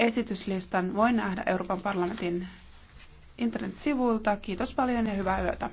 Esityslistan voi nähdä Euroopan parlamentin internetsivuilta. Kiitos paljon ja hyvää yötä.